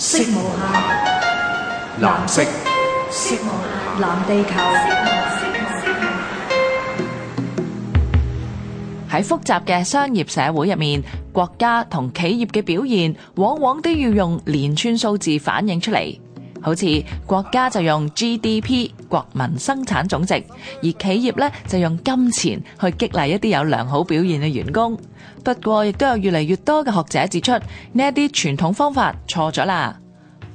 色無暇，藍色。色無暇，藍地球。喺複雜嘅商業社會入面，國家同企業嘅表現，往往都要用連串數字反映出嚟。好似國家就用 GDP 國民生產總值，而企業咧就用金錢去激勵一啲有良好表現嘅員工。不過，亦都有越嚟越多嘅學者指出呢一啲傳統方法錯咗啦。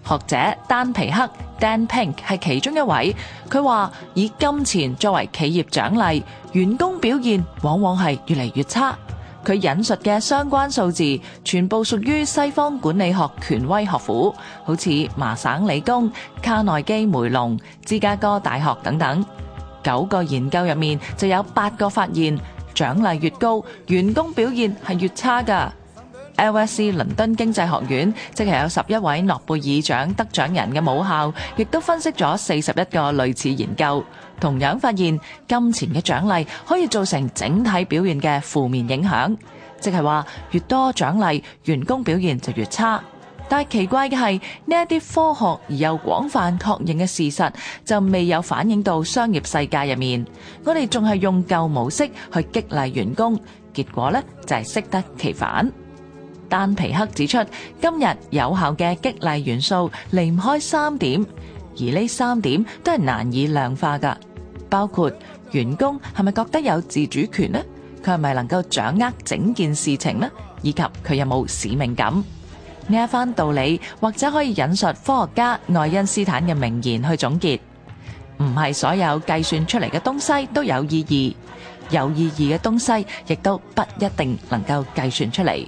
學者丹皮克 Dan Pink 係其中一位，佢話以金錢作為企業獎勵，員工表現往往係越嚟越差。佢引述嘅相關數字，全部屬於西方管理學權威學府，好似麻省理工、卡內基梅隆、芝加哥大學等等。九個研究入面就有八個發現，獎勵越高，員工表現係越差㗎。LSE 倫敦經濟學院即係有十一位諾貝爾獎得獎人嘅母校，亦都分析咗四十一個類似研究，同樣發現金錢嘅獎勵可以造成整體表現嘅負面影響，即係話越多獎勵，員工表現就越差。但係奇怪嘅係呢一啲科學而又廣泛確認嘅事實，就未有反映到商業世界入面。我哋仲係用舊模式去激勵員工，結果呢就係適得其反。丹皮克指出，今日有效嘅激勵元素離唔開三點，而呢三點都係難以量化噶包括員工係咪覺得有自主權呢？佢係咪能夠掌握整件事情呢？以及佢有冇使命感呢？一番道理，或者可以引述科學家愛因斯坦嘅名言去總結。唔係所有計算出嚟嘅東西都有意義，有意義嘅東西亦都不一定能夠計算出嚟。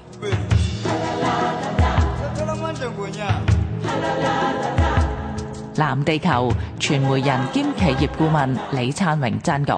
藍地球傳媒人兼企業顧問李燦榮撰稿。